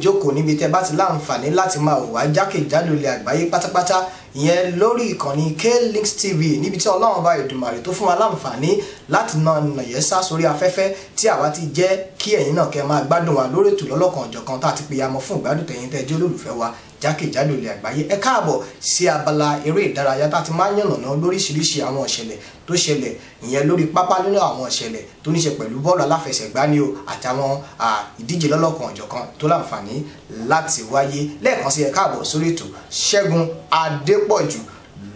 jókòó níbi tẹ́ bá ti láǹfààní láti máa wà jákèjádò ilẹ̀ àgbáyé pátápátá ìyẹn lórí ìkànnì Klinks TV níbi tí ọlọ́run bá ìdùmàrè tó fún wa láǹfààní láti na nàyẹ́ sá sórí afẹ́fẹ́ tí àwa ti jẹ́ kí ẹ̀yin náà kẹ́ máa gbádùn wa lórí ètò lọ́lọ́kan ọ̀jọ̀kan tá a ti pè yamọ fún ìgbádùn tẹ̀yin tẹ́ jẹ́ olólùfẹ́ wa jákèjádò ilẹ̀ àgbáyé ẹ káàbọ̀ sí abala eré ìdárayá tá a ti máa ń yànnàná lóríṣiríṣi àwọn ìṣẹ̀lẹ̀ tó ṣẹlẹ̀ ìyẹn lórí pápá nínú àwọn ìṣẹ̀lẹ̀ tó ní ṣe pẹ̀lú bọ́ọ̀lù aláfẹsẹ̀gbá ni o àtàwọn ìdíje lọ́lọ́kan ọ̀jọ̀kan tó láǹfààní láti wáyé lẹ́ẹ̀kan sí ẹ káàbọ̀ sórí ètò Ṣẹ́gun Adépọ̀jù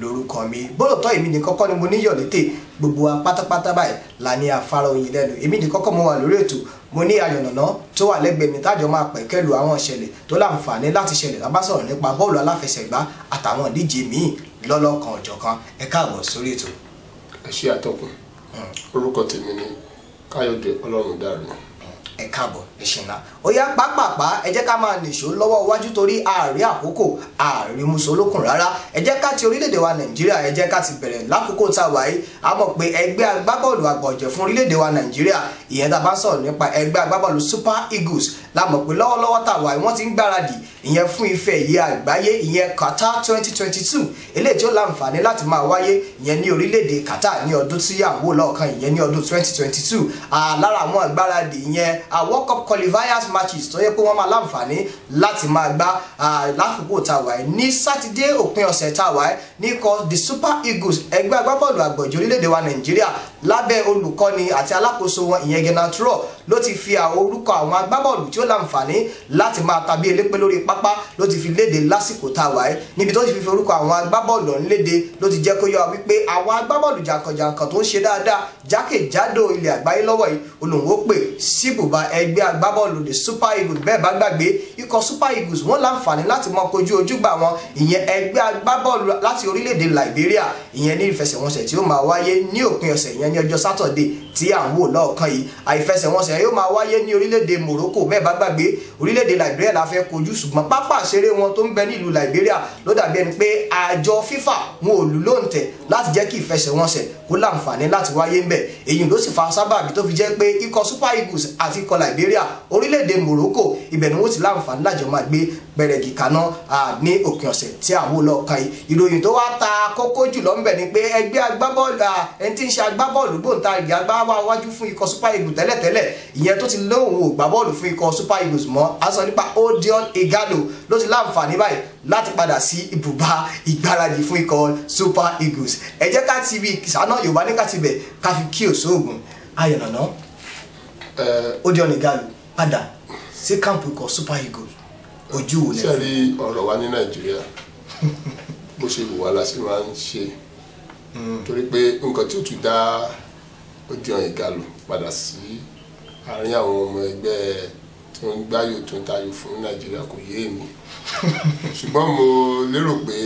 lórúkọ mi bólótọ́ èmi nìkan kọ́ ni mo níyọ̀ létè gbogbo wa pátápátá báyìí la ní afárá oyin lẹ́nu èmi nìkan kọ́ mo wà lórí ètò mo ní ayọ̀nàná tó wà lẹ́gbẹ̀ẹ́ mi tájọ máa pẹ̀kẹ́lu àwọn ìṣẹ̀lẹ̀ tó láǹfààní láti ṣẹlẹ̀ tá bá sọ̀rọ̀ nípa bọ́ọ̀lù aláfẹsẹ̀gbá àtàwọn ìdíje míì lọ́lọ́kan ọ̀jọ̀kan ẹ káàbọ̀ sórí ètò. ẹ ṣe àtọkùn hmm. orúkọ tèmi ni káyọ̀dé ọlọ́run dàrú ẹ káàbọ̀ Oya ṣe ńlá ó yá pápápá ẹ jẹ́ ká máa nìṣó lọ́wọ́ iwájú torí ààrí àkókò ààrí musolókun rárá ẹ jẹ́ ká ti orílẹ̀-èdè wa nàìjíríà ẹ jẹ́ ká ti bẹ̀rẹ̀ lákòókò tá a wà yìí a mọ̀ pé ẹgbẹ́ agbábọ́ọ̀lù àgbọ̀jẹ̀ fún orílẹ̀-èdè wa nàìjíríà ìyẹn tá a bá sọ̀rọ̀ nípa ẹgbẹ́ agbábọ́ọ̀lù Super Eagles la mọ̀ pé lọ́wọ́lọ́wọ́ tá a wà yìí wọ́n ti ń gbáradì ìyẹn fún ife ẹ̀yẹ àgbáyé ìyẹn Qatar 2022 eléyìí tí ó láǹfààní láti máa wáyé ìyẹn ní orílẹ̀-èdè Qatar ní ọdún tí yà ń wò lọ́ọ̀kan ìyẹn ní ọdún 2022 lára àwọn àgbáradì ìyẹn World Cup qualifiers matches tó yẹ pé wọ́n máa láǹfààní láti máa gbá lákòókò tá a wà yìí ní sátidé òpin ọ̀sẹ̀ tá a wà yìí níkọ̀ the Super Eagles ẹgbẹ́ agbábọ́ọ̀lù àgbọ̀jẹ̀ orílẹ̀-èdè wa Nàìjíríà lábẹ́ olùkọ́ni àti alákòóso wọn ìyẹn Gennaro Traoré ló ti fi orúkọ àwọn agbábọ́ọ̀lù tí ó láǹfààní láti máa tàbí elépé lórí pápá ló ti fi léde lásìkò tá a wà yìí níbi tó ti fi orúkọ àwọn agbábọ́ọ̀lù ọ̀hún léde ló ti jẹ́ kó yọ wípé àwọn agbábọ́ọ̀lù jàǹkànjàǹkàn tó ń ṣe dáadáa jákèjádò ilẹ̀ àgbáyé lọ́wọ́ yìí olóhùn ó pè sí bùbá ẹgbẹ́ agbábọ́ọ̀lù the super eagles bẹ́ẹ̀ bá gbàgbé ikọ̀ super eagles wọ́n láǹfààní láti mọ kojú ojúgbà wọn ìyẹn ẹgbẹ́ agbábọ́ọ̀lù láti orílẹ̀-èdè liberia ìyẹn ní ìfẹsẹ̀wọnsẹ̀ tí ó máa wáyé ní òpin ọ̀sẹ̀ ìyẹn ní ọjọ́ saturday tí à ń wò lọ́ọ̀kan yìí àìfẹsẹ̀wọnsẹ̀ yóò máa wáyé ní orílẹ̀-èdè Morocco bẹ́ẹ̀ bá gbàgbé orílẹ̀-èdè Liberia la fẹ́ kojú ṣùgbọ́n pápá àṣeré wọn tó ń bẹ nílùú Liberia ló dàbí ẹni pé àjọ FIFA wọn ò lù lóǹtẹ̀ láti jẹ́ kí ìfẹsẹ̀wọnsẹ̀ kó láǹfààní láti wáyé ń bẹ̀ èyí ló sì fa sábàbí tó fi jẹ́ pé ikọ̀ Super Eagles àti ikọ̀ Liberia orílẹ̀-èdè Morocco ibẹ̀ ni wọ́n ti láǹfààní lájọ máa gbé bẹ̀rẹ̀gì kaná ní òpin ọ̀sẹ̀ tí à ń wò lọ kan yìí ìròyìn tó wá ta kókó jùlọ ń bẹ ni pé ẹgbẹ́ agbábọ́ọ̀lù ẹni tí ń ṣe agbábọ́ọ̀lù gbòǹtarìgì agbáwájú fún ikọ̀ super eagles tẹ́lẹ̀tẹ́lẹ̀ ìyẹn tó ti lóun ò gbá bọ́ọ̀lù fún ikọ̀ super eagles mọ́ a sọ nípa Odion Igalo ló ti láǹfààní báyìí láti padà sí ibùba ìgbáradì fún ikọ̀ super eagles ẹ jẹ́ ká ti ibi ìsànà Yorùbá ní ká ti bẹ̀ ká fi kí òṣoògùn ayọ̀nàná Odion Igalo padà sí káàmpù ikọ̀ super eagles ojú wo lẹ́sìn. sẹ́ẹ̀rí ọ̀rọ̀ wa ní nàìjíríà bó ṣe wù wá la ṣe máa ń ṣe hmm. torí pé nǹkan tí ò tún dá ojú ọ̀yìn ìgalù padà sí àárín àwọn ọmọ ẹgbẹ́ tó ń gbáyò tó ń tayò fún nàìjíríà kò yé mi ṣùgbọ́n mo lérò pé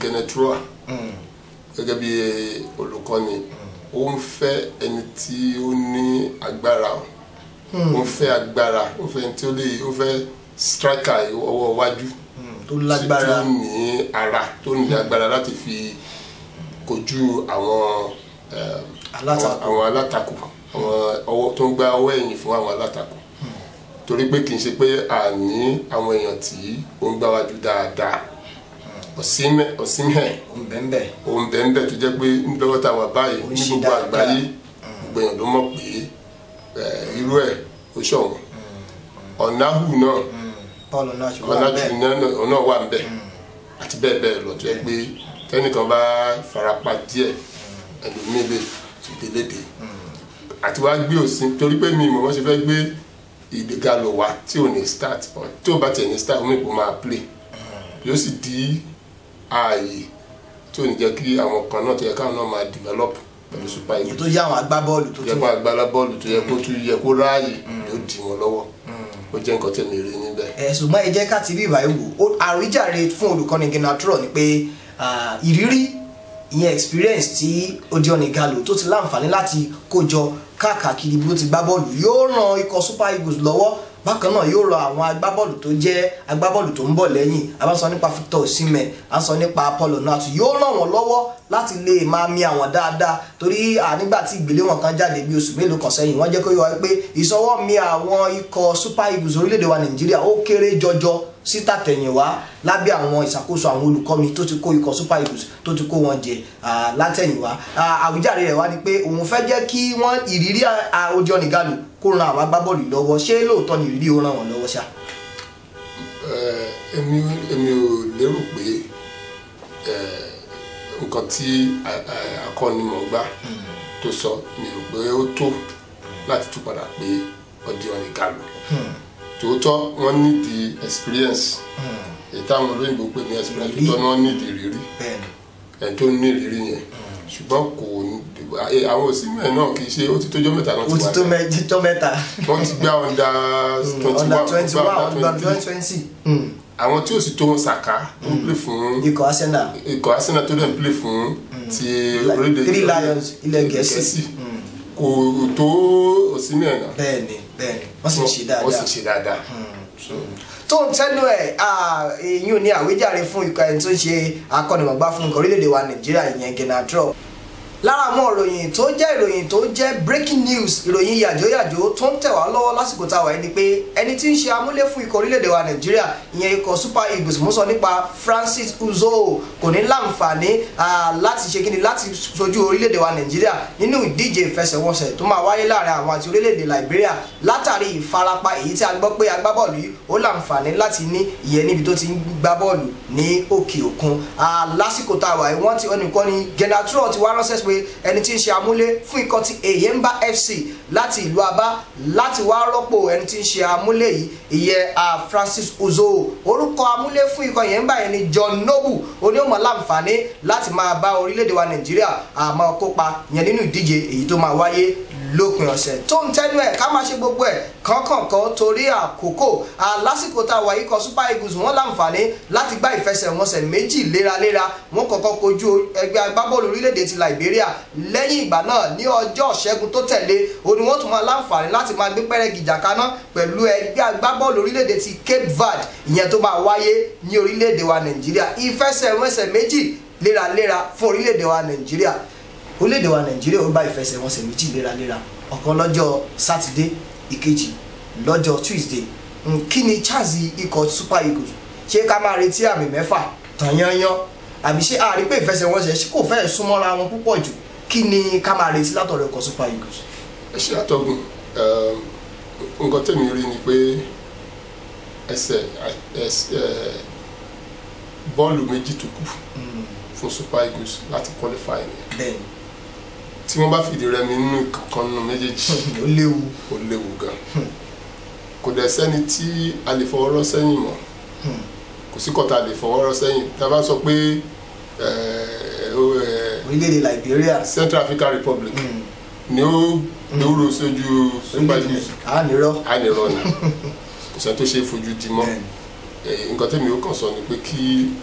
genetroa hmm. gẹ́gẹ́ bí olùkọ́ni hmm. ó ń fẹ́ ẹni tí ó ní agbára ó ń fẹ́ agbára ó ń fẹ́ ẹni tí ó lè ó fẹ́ striker ọwọ́ iwájú hmm, tó lágbára tó ní ara tó ní agbára láti fi kojú àwọn eh, àwọn alátakò àwọn tó ń gba ọwọ́ ẹ̀yìn fún àwọn alátakò hmm. torí pé kì í ṣe pé a ní àwọn èèyàn tí ó ń gbá dáadáa ọ̀sìnmẹ̀ ọ̀sìnmẹ̀ òǹbẹ̀ǹbẹ̀ tó jẹ́ pé lọ́wọ́ tá a wà báyìí ní gbogbo àgbáyé hmm. gbogbo ló mọ̀ pé eh, irú ẹ̀ ó ṣọ̀wọ́n ọ̀nàhù náà ọ̀nà náà ṣùgbọ́n náà wà ń bẹ̀ hmm. àti bẹ́ẹ̀ bẹ́ẹ̀ lọ tó yẹ pé tẹ́nìkan bá farapa díẹ̀ hmm. ẹlòmíì lè ti délédé hmm. àti wá gbé òsín torí pé mi ìmọ̀ wọ́n ṣe fẹ́ gbé ìdíga lò wá tí ò ní start tí ò bá tiẹ̀ ní start omi kò máa play yóò sì di ààyè tí ò ní jẹ́ kí àwọn kan náà tó yẹ káwọn náà máa develop pẹ̀lú super eagles. ètò yà àwọn agbábọ́ọ̀lù tó tún yẹ kó agbábọ́ọ̀lù tó yẹ kó tún yẹ kó ráàyè yóò dì wọ́n lọ́wọ́ ó jẹ́ nǹkan tẹ̀mí rí ní ṣùgbọ́n ẹ jẹ́ ká ti rí ìbáyé wò àròjàre fún olùkọ́ni Gennaro ni pé ìrírí ìyẹn experience tí Odion Ighalo tó ti láǹfààní láti kó jọ káàkiri bí ti gbá bọ́ọ̀lù yóò ran ikọ̀ Super Eagles lọ́wọ́ bákan náà yóò rọ àwọn agbábọ́ọ̀lù tó jẹ́ agbábọ́ọ̀lù tó ń bọ̀ lẹ́yìn a bá sọ nípa Victor Osimhen a sọ nípa Paul Onatu yóò ràn wọ́n lọ́wọ́ láti lè máa mi àwọn dáadáa torí nígbà tí ìgbéléwọ̀n kan jáde bí oṣù mélòó kan sẹ́yìn wọ́n jẹ́ kó yọ wá pé ìsọwọ́ mi àwọn ikọ̀ Super Eagles orílẹ̀-èdè wa Nàìjíríà ó kéré jọjọ sítàtẹ̀yìnwá lábẹ́ àwọn ìṣàkóso àwọn olùkọ́mi tó ti kó ikọ̀ super eagles tó ti kó wọn jẹ látẹ̀yìnwá àwíjàre rẹ̀ wá ni pé òun fẹ́ jẹ́ kí wọ́n ìrírí Odion Ighalo kó ran àwọn agbábọ́ọ̀lù lọ́wọ́ ṣé lóòótọ́ ni ìrírí ó ràn wọ́n lọ́wọ́ ṣá. èmi ò lérò pé nǹkan tí akọ́nimọ̀ọ́gbá hmm. tó sọ mi rò pé ó tó láti tún padà pé Odion Ighalo tòótọ́ wọ́n ní di experience hmm. èyí táwọn olóyìnbó pè ní experience tòótọ́ ni wọ́n ní di ìrírí ẹni tó ní ìrírí yẹn hmm. ṣùgbọ́n kò àwọn òsínmẹ̀ náà kì í ṣe ó ti tójọ́ mẹ́ta náà ti wà náà ó ti tó mẹ́ta wọ́n ti gbá ọ̀ndà hmm, twenty one ọ̀ndà twenty àwọn tí ó sì tó wọn Saka tó ń play fún ikọ̀ Arsenal ikọ̀ Arsenal tó dẹ̀ ń play fún ti orílẹ̀-èdè Three Lions ilẹ̀ Gẹ̀ẹ́sì kò tó sí ní ẹ̀nà. bẹ́ẹ̀ni bẹ́ẹ̀ni wọ́n sì ń ṣe dáadáa wọ́n sì ń ṣe dáadáa. Hmm, tó ń tẹnu ẹ èyí ò ní àwíjàre fún ikọ̀ ẹni tó ń ṣe akọ́nimọ̀gbá fún orílẹ̀-èdè wa nàìjíríà ìyẹn Gennady Rohr lára àwọn ìròyìn tó jẹ́ ìròyìn tó jẹ́ breaking news ìròyìn yàjóyàjó tó ń tẹ̀ wá lọ́wọ́ lásìkò tá a wà yìí ni pé ẹni tí ń ṣe amúlé fún ikọ̀ orílẹ̀-èdè wa nàìjíríà ìyẹn ikọ̀ super eagles mú sọ nípa francis uzo kò ní láǹfààní láti ṣe kíni láti sojú orílẹ̀-èdè wa nàìjíríà nínú ìdíje ìfẹsẹ̀wọnsẹ̀ tó máa wáyé láàrin àwọn àti orílẹ̀-èdè liberia látàrí ìfarapa èyí tí a gbọ́ pé agbábọ́ọ̀lù yìí ó láǹfààní láti ní ìyẹn níbi tó ti ń gbá bọ́ọ̀lù ní òkè òkun lásìkò tá a wà yìí wọ́n ti ọ̀nìkan pé ẹni tí ń ṣe amúlé fún ikọ̀ ti Eyimba FC láti ìlú Aba láti wá rọ́pò ẹni tí ń ṣe amúlé yìí ìyẹn Francis Uzo orúkọ amúlé fún ikọ̀ Eyimba yẹn ni John Noble oní òmò láǹfààní láti máa bá orílẹ̀-èdè wa Nàìjíríà àmọ́ kópa yẹn nínú ìdíje èyí tó máa wáyé lópin ọ̀sẹ̀ tó ń tẹ́nu ẹ̀ ká má ṣe gbogbo ẹ̀ kọ́kànkọ́ torí àkókò alásìkò tá a wà ikọ̀ super eagles wọ́n láǹfààní láti gbá ìfẹsẹ̀wọnsẹ̀ méjì léraléra wọ́n kọ́kọ́ kojú ẹgbẹ́ agbábọ́ọ̀lù orílẹ̀-èdè ti liberia lẹ́yìn ìgbà náà ní ọjọ́ ṣẹ́gun tó tẹ̀lé ó ní wọ́n tún máa láǹfààní láti máa gbé pẹ́rẹ́gì jàkaná pẹ̀lú ẹgbẹ́ agbábọ́ọ̀lù orílẹ̀-èdè ti cape verde ìyẹn tó máa wáyé ní orílẹ̀-èdè wa nàìjíríà ìfẹsẹ̀wọnsẹ̀ méjì léraléra fún orílẹ̀-èdè wa nàìjíríà orílẹ̀-èdè wa nàìjíríà ó bá ìfẹsẹ̀wọnsẹ̀ méjì léraléra ọ̀kan lọ́jọ́ sátidé ìkejì lọ́jọ́ tuesday kí ni chaazi ikọ̀ super eagles ṣé ká máa retí àmì mẹ́fà tàn yanyan àbí ṣé àrí pé ìfẹsẹ̀wọnsẹ̀ ṣé kò fẹ́ẹ̀ súnmọ́ra wọn púpọ̀ jù kí ni ká máa retí látọ̀rọ̀ ikọ̀ super eagles. ẹ ṣe àtọ̀gùn nǹkan tèmi rí ni pé ẹsẹ̀ bọ́ọ̀lù méjì tó kù hmm. fún super eagles láti qualify. bẹ́ẹ̀ni tí wọ́n bá fìdí rẹmi nínú kankan nínú méjèèjì ó léwu ó léwu gan kò dẹ̀ sẹ́ni tí a lè fọwọ́ rọ́ sẹ́yìn mọ́ hmm. kò sí kọ́ta a lè fọwọ́ rọ́ sẹ́yìn tá a bá sọ pé eh, oh, eh, orílẹ̀-èdè Liberia Central African Republic hmm. ni ó gbòòrò hmm. sójú super league àníró àníró ni kò sẹ́ni tó ṣe é fojú di mọ́ eh, nǹkan tẹ́mi ó kàn sọ ni pé kí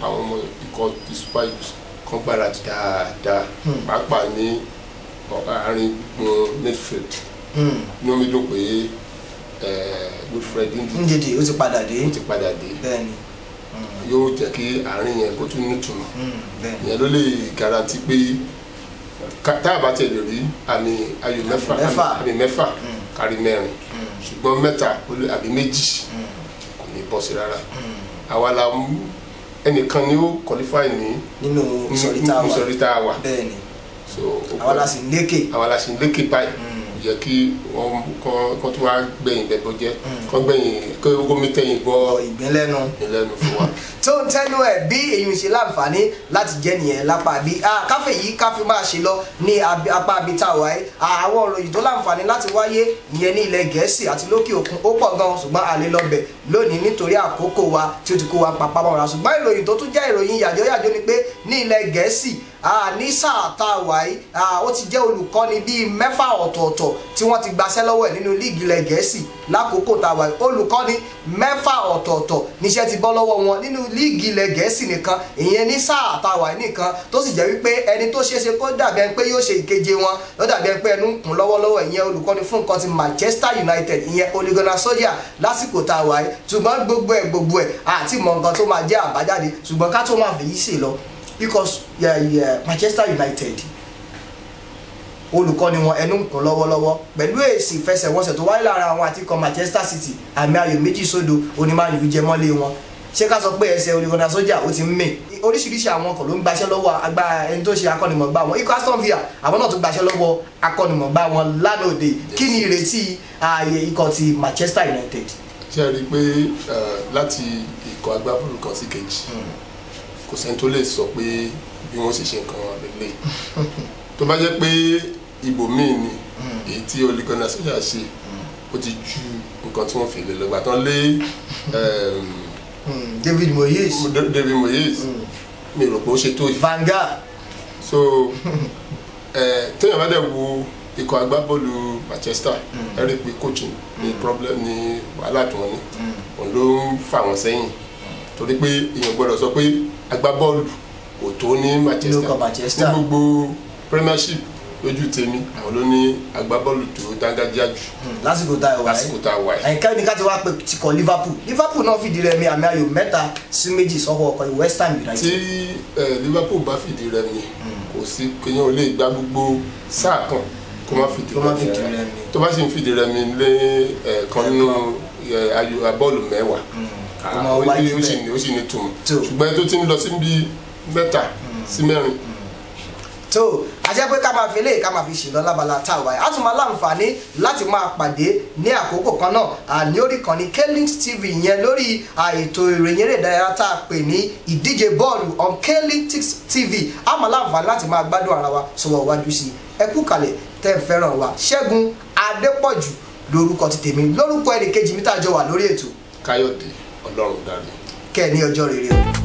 àwọn ọmọ ikọ̀ ti super league kan gbáradì dáadáa pàápàá ní àárín gbùngbùn midfield inú hmm. mi dùn pé Godfrey Ndidi ó ti padà dé ó ti padà dé bẹ́ẹ̀ni hmm. yóò jẹ́ kí àárín yẹn kó tún nítumọ̀ hmm, ìyẹn ló lè garanti pé tá a bá tẹ̀ lè rí àmì ayò mẹ́fà àmì mẹ́fà kárí mẹ́rin ṣùgbọ́n mẹ́ta àbí méjì kò ní bọ́ sí rárá àwa la ẹnìkan ni ó qualify ní nínú sọ̀rí tá a wà bẹ́ẹ̀ni àwọn la sì lékè. àwọn la sì lékè báyìí kò hmm. yẹ kí wọn kọ́ tó wá gbẹ̀yìn bẹ́ẹ̀ bọ́jẹ́ hmm. kọ́ gbẹ̀yìn kó gómi tẹ̀yìn gbọ́ ìgbẹ́lẹ́nu ìgbẹ́lẹ́nu fún wa. tó ń tẹnu ẹ bí èyí ṣe láǹfààní láti jẹ nìyẹn lápá bí káfẹ yìí káfí máa ṣe lọ ní apá bí a wáyé àwọn òròyìn tó láǹfààní láti wáyé ìyẹn ní ilẹ̀ gẹ̀ẹ́sì àti lókè òkun ó pọ̀ gan ṣùgbọ́n àlè lọ́bẹ̀ lónìí nítorí àkókò wa tí ó ti kó wa pàpà mọ́ra ṣùgbọ́n ìròyìn tó tún jẹ́ ìròyìn yàjóyàjó ni pé ní ilẹ̀ gẹ̀ẹ́sì ní sáà tá a wà yìí ó ti jẹ́ olùkọ́ni bíi mẹ́fà ọ̀tọ̀ọ̀tọ̀ tí wọ́n ti gbaṣẹ́ lọ́wọ́ ẹ̀ nínú líìgì ilẹ̀ gẹ̀ẹ́sì lákòókò tá a wà yìí olùkọ́ni mẹ́fà ọ̀tọ̀ọ̀tọ̀ níṣẹ́ ti bọ́ lọ́wọ́ wọn nínú líìgì ilẹ̀ gẹ̀ẹ́sì nìkan ìyẹn ní sáà tá a wà yìí nìkan tó sì jẹ́ wípé ẹni tó ṣeéṣe kó dàbí ẹni pé yóò ṣe ìkeje wọn ló dàbí ẹni pé ẹnu ń kún lọ́wọ́lọ́wọ́ ìyẹn olùkọ́ni fún nǹkan ti Manchester United ìyẹn Ole Gunnar Solskjaer lásìkò tá a wà yìí ṣùgbọ́n gbogbo ẹ̀ gbogbo ẹ̀ àti mọ̀ nǹkan tó máa jẹ́ àbájáde ṣùgbọ́n ká tó máa fèyí sí lọ because yeah, yeah, Manchester United olùkọ́ni wọn ẹnu ń kún lọ́wọ́lọ́wọ́ pẹ̀lú èsì ìfẹsẹ̀wọnsẹ̀ tó wáyé lára àwọn àti ikọ̀ Manchester City àmì ayò méjì sódò onímọ̀ ìjẹmọ́lé wọn ṣé ká sọ pé ẹsẹ̀ olùkọ́ni sójà ó ti ń mè oríṣiríṣi àwọn ọkọ̀ ló ń gbaṣẹ́ lọ́wọ́ agbá ẹni tó ṣe akọ́nimọ̀gbá wọn ikọ̀ Aston Villa àwọn náà tó gbaṣẹ́ lọ́wọ́ akọ́nimọ̀gbá wọn lánàá òde kí ni ìrètí ààyè ikọ̀ ti Manchester United. ṣé ẹ rí i pé láti ikọ̀ agbábọ́ọ̀lù kan sí kejì hmm kò sẹ́ni tó lè sọ pé bí wọ́n sì ṣe nǹkan abẹ́lé tó bá jẹ́ pé ìbò míì ni hmm. èyí tí olùkọ́ni àṣeyà ṣe hmm. ó ti ju nǹkan tí wọ́n fi lè lọ́gbà tán lé hmm. David Moyes David Moyes mi rò pé ó ṣe tó yìí vanga so téèyàn bá dẹ̀ wo ikọ̀ agbábọ́ọ̀lù Manchester Eric rí coaching ni problem ni wàhálà tí wọ́n ní òun ló ń fà wọ́n sẹ́yìn torí pé èèyàn gbọ́dọ̀ sọ pé agbábọ́ọ̀lù kò tó ní Manchester ní gbogbo Premiership lójú tèmi àwọn ló ní agbábọ́ọ̀lù tó dángájá jù. Hmm, lásìkò tá a wà lásìkò tá a ká ti wá pe ti kọ Liverpool Liverpool náà fìdí rẹmi àmì ayò mẹ́ta sí méjì sọ́kọ̀ ọkọ̀ West Ham United. tí eh, Liverpool bá fìdí rẹmi hmm. kò sí kéèyàn ò lè gba gbogbo sáà kan kó má fìdí rẹmi tó bá sì ń fìdí rẹmi lé eh, kan nínú eh, ayò mẹ́wàá. Hmm ó ah, wáyé bẹ́ẹ̀ ó sì ní tùmọ̀ ṣùgbọ́n tó ti ń lọ síbi mẹ́ta hmm. sí mẹ́rin hmm. tó a jẹ́ pé ká máa fi eléyìí ká máa fi ṣìnà lábala tá a wáyé a tún máa láǹfààní láti máa pàdé ní àkókò kan náà àní orí kan tv yẹn lórí ètò ìròyìn eré ìdárayá tá a pè ní ìdíje bọ́ọ̀lù on klint tv a máa láǹfààní láti máa gbádùn ara wa sọ̀rọ̀ wájú sí ẹ kú kalẹ̀ tẹ́ ẹ fẹ́ràn wa ṣẹ́gun adépọ̀jù lórúkọ ti tèmi lórúkọ ẹnì kejì mi tá a jọ wà lórí ètò. káyọ̀dé ọlọ́run dànù. kẹ́ ẹ ní ọjọ́ rere o.